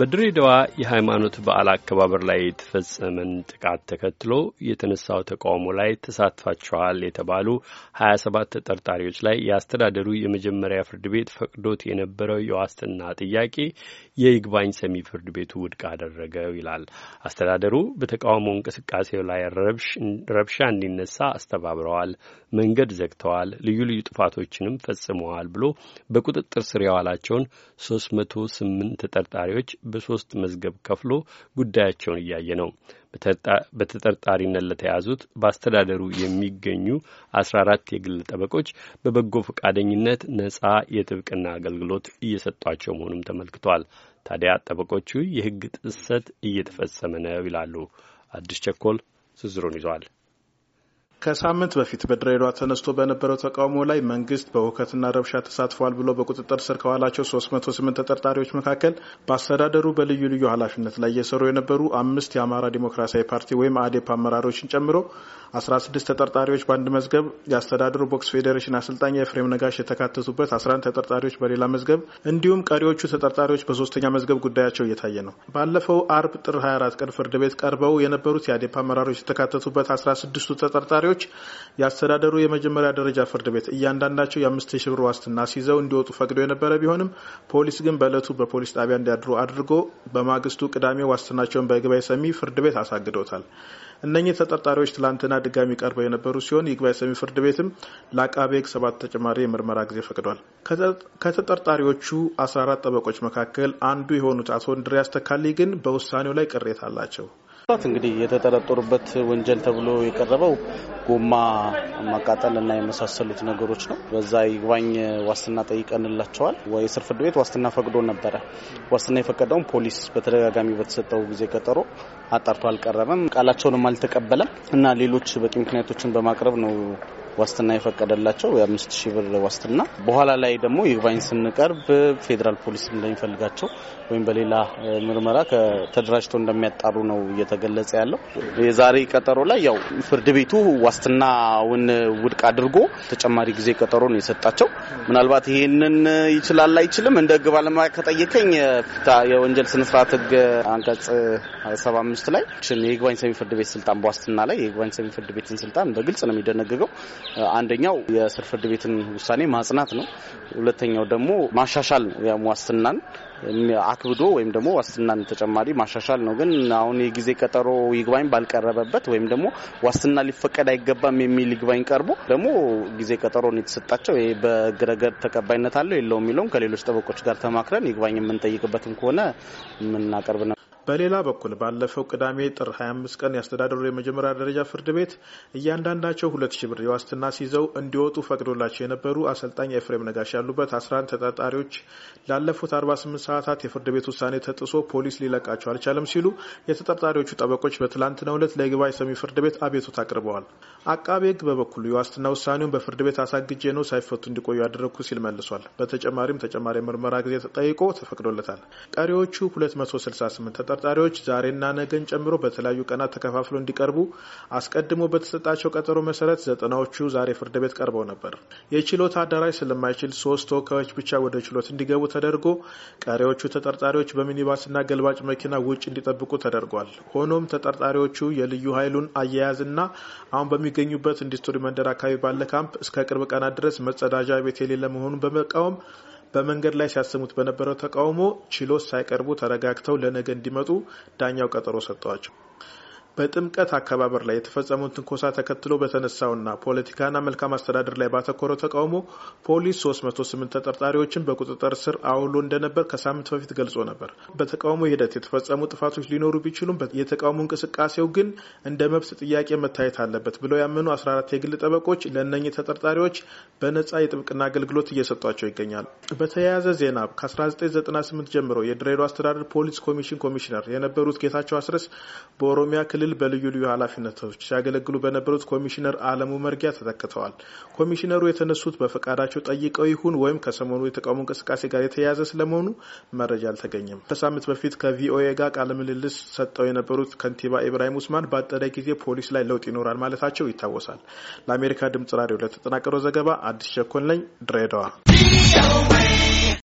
በድሬዳዋ የሃይማኖት በዓል አከባበር ላይ የተፈጸመን ጥቃት ተከትሎ የተነሳው ተቃውሞ ላይ ተሳትፋችኋል የተባሉ ሀያ ሰባት ተጠርጣሪዎች ላይ የአስተዳደሩ የመጀመሪያ ፍርድ ቤት ፈቅዶት የነበረው የዋስትና ጥያቄ የይግባኝ ሰሚ ፍርድ ቤቱ ውድቅ አደረገው ይላል። አስተዳደሩ በተቃውሞ እንቅስቃሴው ላይ ረብሻ እንዲነሳ አስተባብረዋል፣ መንገድ ዘግተዋል፣ ልዩ ልዩ ጥፋቶችንም ፈጽመዋል ብሎ በቁጥጥር ስር የዋላቸውን ሶስት መቶ ስምንት ተጠርጣሪዎች በሶስት መዝገብ ከፍሎ ጉዳያቸውን እያየ ነው። በተጠርጣሪነት ለተያዙት በአስተዳደሩ የሚገኙ አስራ አራት የግል ጠበቆች በበጎ ፈቃደኝነት ነጻ የጥብቅና አገልግሎት እየሰጧቸው መሆኑም ተመልክቷል። ታዲያ ጠበቆቹ የሕግ ጥሰት እየተፈጸመ ነው ይላሉ። አዲስ ቸኮል ዝርዝሩን ይዟል። ከሳምንት በፊት በድሬዳዋ ተነስቶ በነበረው ተቃውሞ ላይ መንግስት በውከትና ረብሻ ተሳትፏል ብሎ በቁጥጥር ስር ከዋላቸው 308 ተጠርጣሪዎች መካከል በአስተዳደሩ በልዩ ልዩ ኃላፊነት ላይ እየሰሩ የነበሩ አምስት የአማራ ዲሞክራሲያዊ ፓርቲ ወይም አዴፕ አመራሮችን ጨምሮ 16 ተጠርጣሪዎች በአንድ መዝገብ፣ የአስተዳደሩ ቦክስ ፌዴሬሽን አሰልጣኝ የፍሬም ነጋሽ የተካተቱበት 11 ተጠርጣሪዎች በሌላ መዝገብ እንዲሁም ቀሪዎቹ ተጠርጣሪዎች በሶስተኛ መዝገብ ጉዳያቸው እየታየ ነው። ባለፈው አርብ ጥር 24 ቀን ፍርድ ቤት ቀርበው የነበሩት የአዴፕ አመራሮች የተካተቱበት 16ቱ ተጠርጣሪዎች ተከራካሪዎች የአስተዳደሩ የመጀመሪያ ደረጃ ፍርድ ቤት እያንዳንዳቸው የአምስት ሺህ ብር ዋስትና ሲይዘው እንዲወጡ ፈቅዶ የነበረ ቢሆንም ፖሊስ ግን በእለቱ በፖሊስ ጣቢያ እንዲያድሩ አድርጎ በማግስቱ ቅዳሜ ዋስትናቸውን በይግባኝ ሰሚ ፍርድ ቤት አሳግዶታል። እነኚህ ተጠርጣሪዎች ትላንትና ድጋሚ ቀርበው የነበሩ ሲሆን ይግባኝ ሰሚ ፍርድ ቤትም ለአቃቤ ሕግ ሰባት ተጨማሪ የምርመራ ጊዜ ፈቅዷል። ከተጠርጣሪዎቹ 14 ጠበቆች መካከል አንዱ የሆኑት አቶ እንድሪያስ ተካልኝ ግን በውሳኔው ላይ ቅሬታ አላቸው። እንግዲህ የተጠረጠሩበት ወንጀል ተብሎ የቀረበው ጎማ ማቃጠል እና የመሳሰሉት ነገሮች ነው። በዛ ይግባኝ ዋስትና ጠይቀንላቸዋል። የስር ፍርድ ቤት ዋስትና ፈቅዶ ነበረ። ዋስትና የፈቀደውን ፖሊስ በተደጋጋሚ በተሰጠው ጊዜ ቀጠሮ አጣርቶ አልቀረበም፣ ቃላቸውንም አልተቀበለም እና ሌሎች በቂ ምክንያቶችን በማቅረብ ነው ዋስትና የፈቀደላቸው የአምስት ሺህ ብር ዋስትና በኋላ ላይ ደግሞ ይግባኝ ስንቀርብ ፌዴራል ፖሊስ እንደሚፈልጋቸው ወይም በሌላ ምርመራ ተደራጅተው እንደሚያጣሩ ነው እየተገለጸ ያለው። የዛሬ ቀጠሮ ላይ ያው ፍርድ ቤቱ ዋስትናውን ውድቅ አድርጎ ተጨማሪ ጊዜ ቀጠሮ ነው የሰጣቸው። ምናልባት ይህንን ይችላል አይችልም እንደ ህግ ባለሙያ ከጠየቀኝ የወንጀል ስነስርዓት ህግ አንቀጽ ሰባ አምስት ላይ የይግባኝ ሰሚ ፍርድ ቤት ስልጣን በዋስትና ላይ የይግባኝ ሰሚ ፍርድ ቤትን ስልጣን በግልጽ ነው የሚደነግገው። አንደኛው የስር ፍርድ ቤትን ውሳኔ ማጽናት ነው። ሁለተኛው ደግሞ ማሻሻል ነው። ዋስትናን አክብዶ ወይም ደግሞ ዋስትናን ተጨማሪ ማሻሻል ነው። ግን አሁን የጊዜ ቀጠሮ ይግባኝ ባልቀረበበት ወይም ደግሞ ዋስትና ሊፈቀድ አይገባም የሚል ይግባኝ ቀርቦ ደግሞ ጊዜ ቀጠሮን የተሰጣቸው ይሄ በግረገድ ተቀባይነት አለው የለውም የሚለውም ከሌሎች ጠበቆች ጋር ተማክረን ይግባኝ የምንጠይቅበትም ከሆነ የምናቀርብ ነው። በሌላ በኩል ባለፈው ቅዳሜ ጥር 25 ቀን ያስተዳደሩ የመጀመሪያ ደረጃ ፍርድ ቤት እያንዳንዳቸው ሁለት ሺህ ብር የዋስትና ሲይዘው እንዲወጡ ፈቅዶላቸው የነበሩ አሰልጣኝ ኤፍሬም ነጋሽ ያሉበት 11 ተጠርጣሪዎች ላለፉት 48 ሰዓታት የፍርድ ቤት ውሳኔ ተጥሶ ፖሊስ ሊለቃቸው አልቻለም ሲሉ የተጠርጣሪዎቹ ጠበቆች በትላንትናው ዕለት ለይግባኝ ሰሚ ፍርድ ቤት አቤቱት አቅርበዋል። አቃቤ ሕግ በበኩሉ የዋስትና ውሳኔውን በፍርድ ቤት አሳግጄ ነው ሳይፈቱ እንዲቆዩ ያደረግኩ ሲል መልሷል። በተጨማሪም ተጨማሪ ምርመራ ጊዜ ተጠይቆ ተፈቅዶለታል። ቀሪዎቹ 268 ተጠርጣሪዎች ዛሬና ነገን ጨምሮ በተለያዩ ቀናት ተከፋፍለው እንዲቀርቡ አስቀድሞ በተሰጣቸው ቀጠሮ መሰረት ዘጠናዎቹ ዛሬ ፍርድ ቤት ቀርበው ነበር። የችሎት አዳራሽ ስለማይችል ሶስት ተወካዮች ብቻ ወደ ችሎት እንዲገቡ ተደርጎ ቀሪዎቹ ተጠርጣሪዎች በሚኒባስና ገልባጭ መኪና ውጭ እንዲጠብቁ ተደርጓል። ሆኖም ተጠርጣሪዎቹ የልዩ ኃይሉን አያያዝና አሁን በሚገኙበት ኢንዱስትሪ መንደር አካባቢ ባለ ካምፕ እስከ ቅርብ ቀናት ድረስ መጸዳጃ ቤት የሌለ መሆኑን በመቃወም በመንገድ ላይ ሲያሰሙት በነበረው ተቃውሞ ችሎት ሳይቀርቡ ተረጋግተው ለነገ እንዲመጡ ዳኛው ቀጠሮ ሰጥተዋቸው በጥምቀት አከባበር ላይ የተፈጸመውን ትንኮሳ ተከትሎ በተነሳውና ፖለቲካና መልካም አስተዳደር ላይ ባተኮረው ተቃውሞ ፖሊስ 308 ተጠርጣሪዎችን በቁጥጥር ስር አውሎ እንደነበር ከሳምንት በፊት ገልጾ ነበር። በተቃውሞ ሂደት የተፈጸሙ ጥፋቶች ሊኖሩ ቢችሉም የተቃውሞ እንቅስቃሴው ግን እንደ መብት ጥያቄ መታየት አለበት ብለው ያመኑ 14 የግል ጠበቆች ለእነኚህ ተጠርጣሪዎች በነጻ የጥብቅና አገልግሎት እየሰጧቸው ይገኛል። በተያያዘ ዜና ከ1998 ጀምሮ የድሬዳዋ አስተዳደር ፖሊስ ኮሚሽን ኮሚሽነር የነበሩት ጌታቸው አስረስ በኦሮሚያ ክልል ክልል በልዩ ልዩ ኃላፊነቶች ሲያገለግሉ በነበሩት ኮሚሽነር አለሙ መርጊያ ተተክተዋል። ኮሚሽነሩ የተነሱት በፈቃዳቸው ጠይቀው ይሁን ወይም ከሰሞኑ የተቃውሞ እንቅስቃሴ ጋር የተያያዘ ስለመሆኑ መረጃ አልተገኘም። ከሳምንት በፊት ከቪኦኤ ጋር ቃለ ምልልስ ሰጠው የነበሩት ከንቲባ ኢብራሂም ውስማን በአጠረ ጊዜ ፖሊስ ላይ ለውጥ ይኖራል ማለታቸው ይታወሳል። ለአሜሪካ ድምጽ ራዲዮ ለተጠናቀረው ዘገባ አዲስ ሸኮን ለኝ ድሬዳዋ